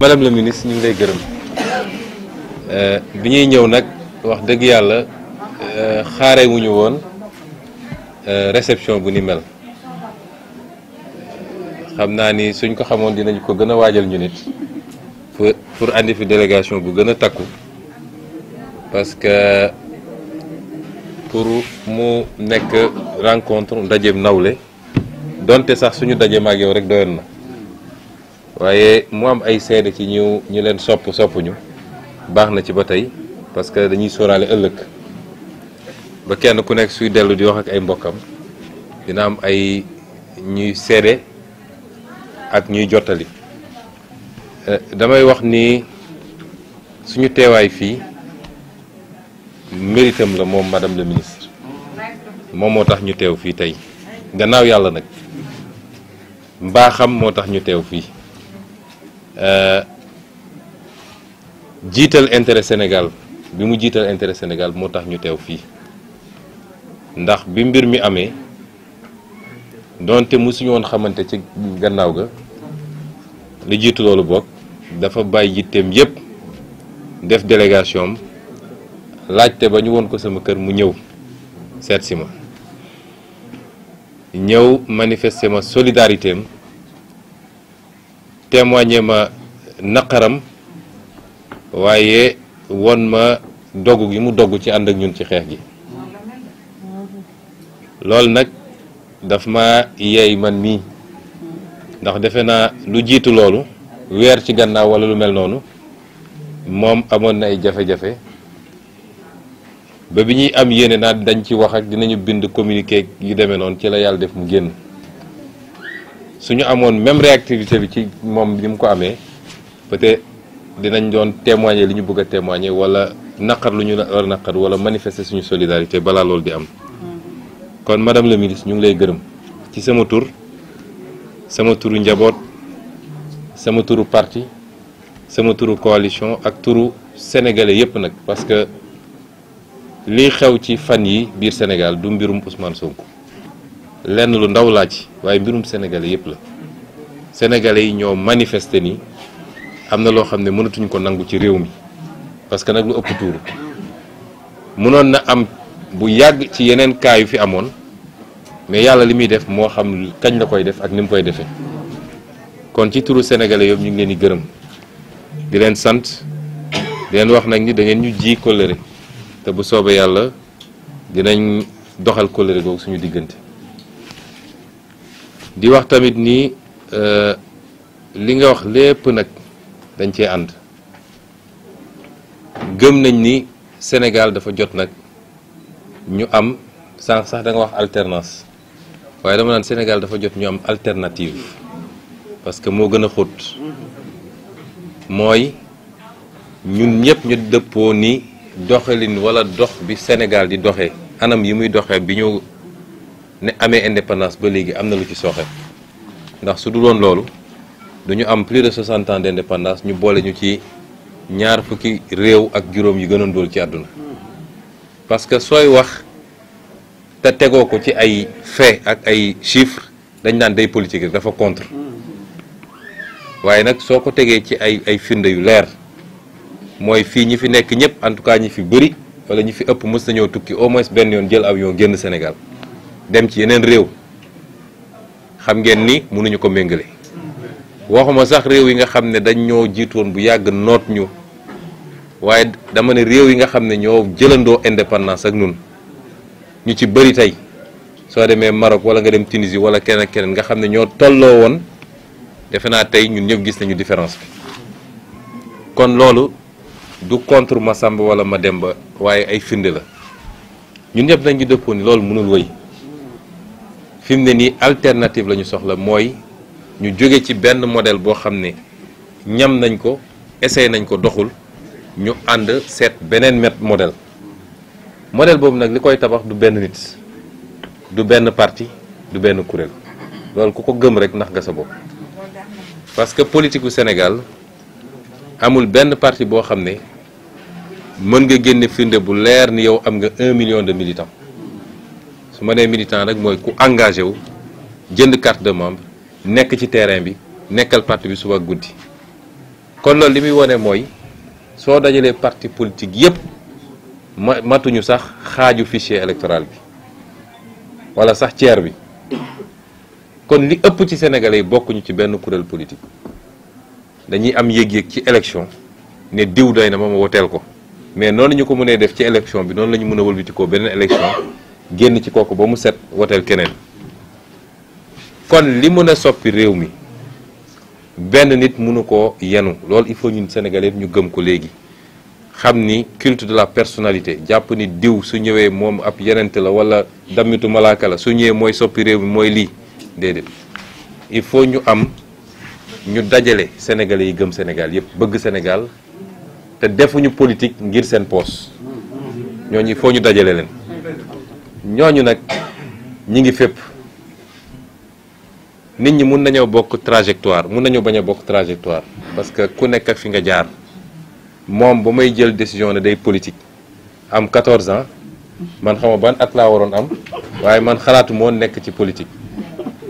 madame la ministre ñu ngi lay gërëm bi ñuy ñëw nag wax dëgg yàlla xaare wu ñu woon réception bu ni mel xam naa ni suñ ko xamoon dinañ ko gën a waajal ñu nit pour pour andi fi délégation bu gën a takku parce que pour mu nekk rencontre ndajeem nawle donte sax suñu dajeem ak yow rek doyoon na. waaye mu am ay seede ci ñu ñu leen sopp soppuñu baax na ci ba tey parce que dañuy sóoraale ëllëg ba kenn ku nekk suy dellu di wax ak ay mbokkam dina am ay ñuy seede ak ñuy jottali eh, damay wax ni suñu teewaay fii méritam la moom madame la ministre moom moo tax ñu teew fii tey gannaaw yàlla nag mbaaxam moo tax ñu teew fii Euh, jiital intérêt Sénégal bi mu jiital intere Sénégal moo tax ñu teew fii ndax bi mbir mi amee donte mosuñu woon xamante ci gannaaw ga li jiitu loolu bokk dafa bàyyi jitteem yépp def délégation am laajte ba ñu woon ko sama kër mu ñëw seet si ma ñëw manifester ma solidarité témoigné ma naqaram waaye won ma dogu gi mu dogg ci ànd ak ñun ci xeex gi loolu nag daf ma yeey man mii ndax defe naa lu jiitu loolu weer ci gannaaw walla lu mel noonu moom amoon na ay jafe-jafe ba bi ñuy am yéene naa dañ ci wax ak dinañu bind communiqué yu demee noonu ci la yàlla def mu génn su ñu même réactivité bi ci moom ni ko amee peut-être dinañ doon témoigner li ñu bëgg témoigner wala naqar lu ñu war a wala manifester suñu solidarité bala lol di am. kon madame le ministre ñu ngi lay gërëm ci sama tour sama turu njabot sama turu parti sama turu coalition ak touru sénégalais yépp nak parce que li xew ci fan yi biir Sénégal du mbirum Ousmane Sonko. lenn lu ndaw laa ci waaye mbirum sénégalais yëpp la sénégalais yi ñoo manifeste ni am na loo xam ne mënatuñ ko nangu ci réew mi parce que nag lu ëpp tuuru mënoon na am bu yàgg ci yeneen cas yu fi amoon mais yàlla li muy def moo xam kañ la koy def ak ni mu koy defee kon ci turu sénégalais yëpp ñu ngi leen di gërëm di leen sant di leen wax nag ni da ngeen ñu ji kóllëre te bu soobee yàlla dinañ doxal kóllëre googu suñu diggante. di wax tamit ni euh, li nga wax lépp nag dañ cee ànd gëm nañ ni Sénégal dafa jot nag ñu am sànq sax da wax alternance waaye dama naan Sénégal dafa jot ñu am alternative parce que moo gën a xóot mooy ñun ñëpp ñu dëppoo ni doxalin walla dox bi Sénégal di doxe anam yi muy doxe bi ñu ne amee indépendance ba léegi am na lu ci sooxe ndax su du doon loolu duñu am plus de 60 ans d' indépendance ñu boole ñu ci ñaar fukki réew ak juróom yi gën a ci àdduna parce que sooy wax te tegoo ko ci ay fait ak ay chiffres dañ naan day politique dafa contre waaye nag soo ko tegee ci ay ay firnde yu leer mooy fii ñi fi nekk ñëpp en tout cas ñi fi bëri wala ñi fi ëpp mës nañoo tukki au moins benn yoon jël avion génn Sénégal dem ci yeneen réew xam ngeen ni mënuñu ko méngale waxuma sax réew yi nga xam ne dañ ñoo jiitoon bu yàgg noot ñu waaye dama ne réew yi nga xam ne ñoo jëlandoo indépendance ak ñun ñu ci bëri tey soo demee Maroc wala nga dem Tunisie wala keneen ak keneen nga xam ne ñoo tolloo woon defe naa tey ñun ñëpp gis nañu différence bi kon loolu du contre ma Masamba wala Mademba waaye ay finde la ñun ñëpp nañu dëppoo ni loolu mënul wëy fimne ni alternative la soxla moy ñu joggé ci benn model bo xamné ne ñam nañ ko essay nañ ko doxul ñu and set benen met model model bobu nak likoy tabax du benn nit du benn parti du benn kurel loolu ku ko gëm rek nax nga sa parce que politique Sénégal amul benn parti bo xamné ne mën nga génné firnde bu lèr ni yow am nga 1 million de militants su ma nee militant rek mooy ku engagé wu jënd carte de membre nekk ci terrain bi nekkal parti bi suba guddi kon loolu li muy wone mooy soo dajalee parti politique yépp ma matuñu sax xaaju fichier électoral bi wala sax tiers bi kon li ëpp ci sénégalais yi bokkuñu ci benn kuréel politique dañuy am yéeg-yéeg ci élection ne diw doy na ma ma woteel ko mais noonu ñu ko mënee def ci élection bi noonu la ñu mën a wëlbatikoo beneen élection génn ci kooku ba mu set woteel keneen kon li mën a soppi réew mi benn nit mënu ko yenu loolu il faut ñun Sénégalais yëpp ñu gëm ko léegi xam ni culture de la personnalité jàpp ni diw su ñëwee moom ab yenent la wala damitu malaaka la su ñëwee mooy soppi réew mi mooy lii déedéet il faut ñu am ñu dajale sénégalais yi gëm Sénégal yëpp bëgg Sénégal te defuñu politique ngir seen poos ñooñu il faut ñu dajale leen ñooñu nag ñi ngi fépp nit ñi mun nañoo bokk trajectoire mun nañoo bañ a bokk trajectoire parce que ku nekk ak fi nga jaar moom ba may jël décision ne day politique am 14 ans man xama ban at laa waroon am waaye man xalaatu nekk ci politique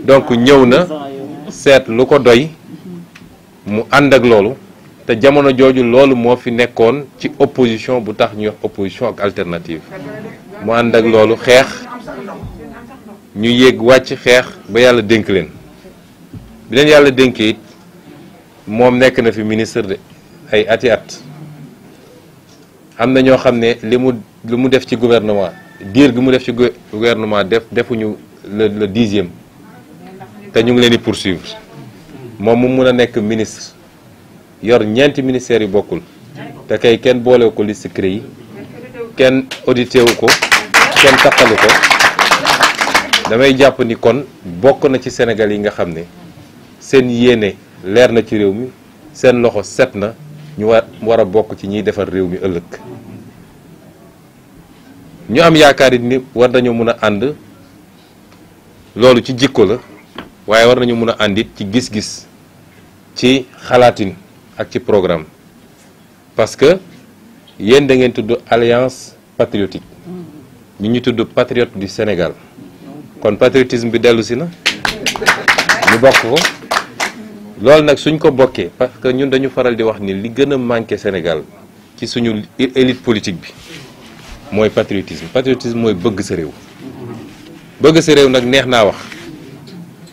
donc ñëw na seet lu ko doy mu ànd ak loolu te jamono jooju loolu moo fi nekkoon ci opposition bu tax ñuy wax opposition ak alternative mu ànd ak loolu xeex ñu yéeg wàcc xeex ba yàlla dénk leen bi leen yàlla dénk it moom nekk na fi ministre de ay ati at am na ñoo xam ne li mu li mu def ci gouvernement diir gi mu def ci gouvernement def defuñu le le dixième te ñu ngi leen di poursuivre moom mu mun a nekk ministre yor ñeenti ministères yu bokkul te kay kenn boolewu ko liste CREI yi kenn audité wu ko kenn taqalu ko damay japp ni kon bokk na ci Sénégal yi nga xam ne seen yéene leer na ci réew mi seen loxo setna ñu wara bokk ci ñi defar réew mi ñu am yaakaar ni war nañu mëna and lolu ci jikko la waye war nañu mëna andit ci gis-gis ci xalaatin ak ci programme parce que yeen da ngeen tuddu alliance patriotique ñu ñu tudd patriote du Sénégal kon patriotisme bi dellu si na ñu bokk ko loolu nag suñ ko bokkee parce que ñun dañu faral di wax ni li gën a manqué Sénégal ci suñu élite politique bi mooy patriotisme patriotisme mooy bëgg sa réew bëgg sa réew nag neex naa wax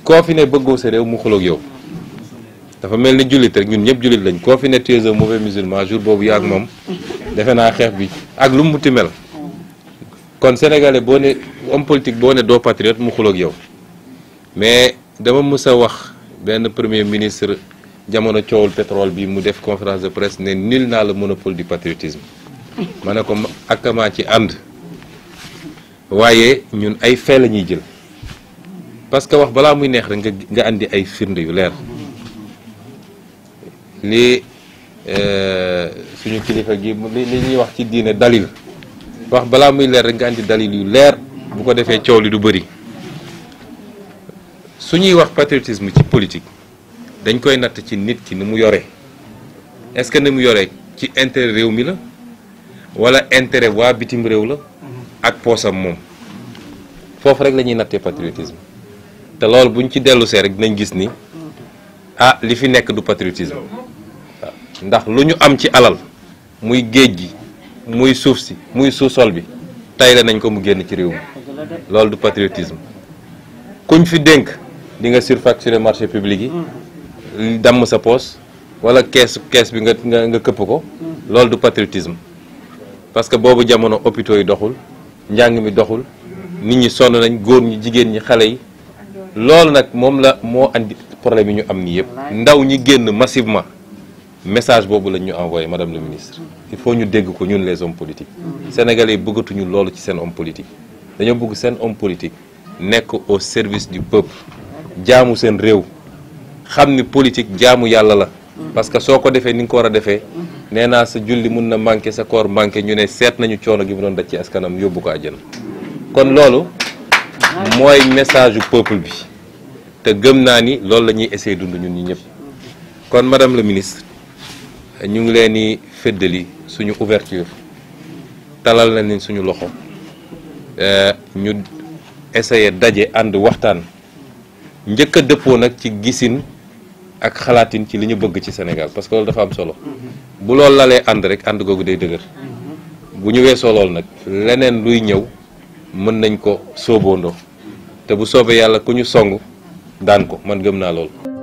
koo fi ne bëggoo sa réew mu xuloog yow dafa mel ni jullit rek ñun ñëpp jullit lañ koo fi ne tu es mauvais musulman jour boobu yaa ak moom defe naa xeex bi ak lu mu muti mel kon sénégalais boo ne homme politique boo ne doo patriote mu xuloog yow mais dama mës a wax benn premier ministre jamono coowul pétrole bi mu def conférence de presse ne nul n'a le monopole du patriotisme ma ne ko akamaa ci ànd waaye ñun ay fee la ñuy jël parce que wax balaa muy neex rek nga nga andi ay firnde yu leer li euh, suñu kilifa gi li ñuy wax ci diine dalil wax bala muy leer rek nga andi dalil yu leer bu ko defee coow du bëri suñuy wax patriotisme ci politique dañ koy natt ci nit ki ni mu yore est-ce que ni mu yore ci intérêt réew mi la wala intérêt waa bitim réew la ak poosam moom foofu rek la ñuy patriotisme te loolu buñ ci dellu see rek dinañ gis ni ah li fi nekk du patriotisme ndax lu am ci alal muy géej muy suuf si muy suuf sol bi tayle nañ ko mu génn ci réew mi loolu du patriotisme kuñ fi dénk di nga surfacturer marché public yi damm sa poos wala kees kees bi nga nga këpp ko loolu du patriotisme parce que boobu jamono hôpitaux yi doxul njàng mi doxul nit ñi sonn nañ góor ñi jigéen ñi xale yi loolu nag moom la moo andi problème yi ñu am nii yëpp ndaw ñi génn massivement message bobu lañ ñu envoyer madame le ministre il faut ñu dégg ko ñun les hommes politiques sénégalais bëggatu ñu loolu ci sen homme politique dañu bëgg sen homme politique nekk au service du peuple jaamu sen réew xam ni politique jaamu yàlla la parce que soo ko defee ni nga ko war a defee nee naa sa julli mun na manqué sa koor manqué ñu ne seet nañu coono gi mu doon ci askanam yóbbu ko àjjana kon loolu mooy message peuple bi te gëm naa ni loolu la ñuy essayé dund ñun ñi ñëpp kon madame le ministre ñu ngi leen di suñu ouverture talal na leen suñu loxo eh, ñu essayer daje ànd waxtaan njëkk a dëppoo nag ci gisin ak xalaatin ci li ñu bëgg ci Sénégal parce que loolu dafa am solo bu loolu lalee ànd rek ànd googu day dëgër bu ñu weesoo lool nag leneen luy ñëw mën nañ ko sóoboondoo te bu soobee yàlla ku ñu song daan ko man gëm naa lool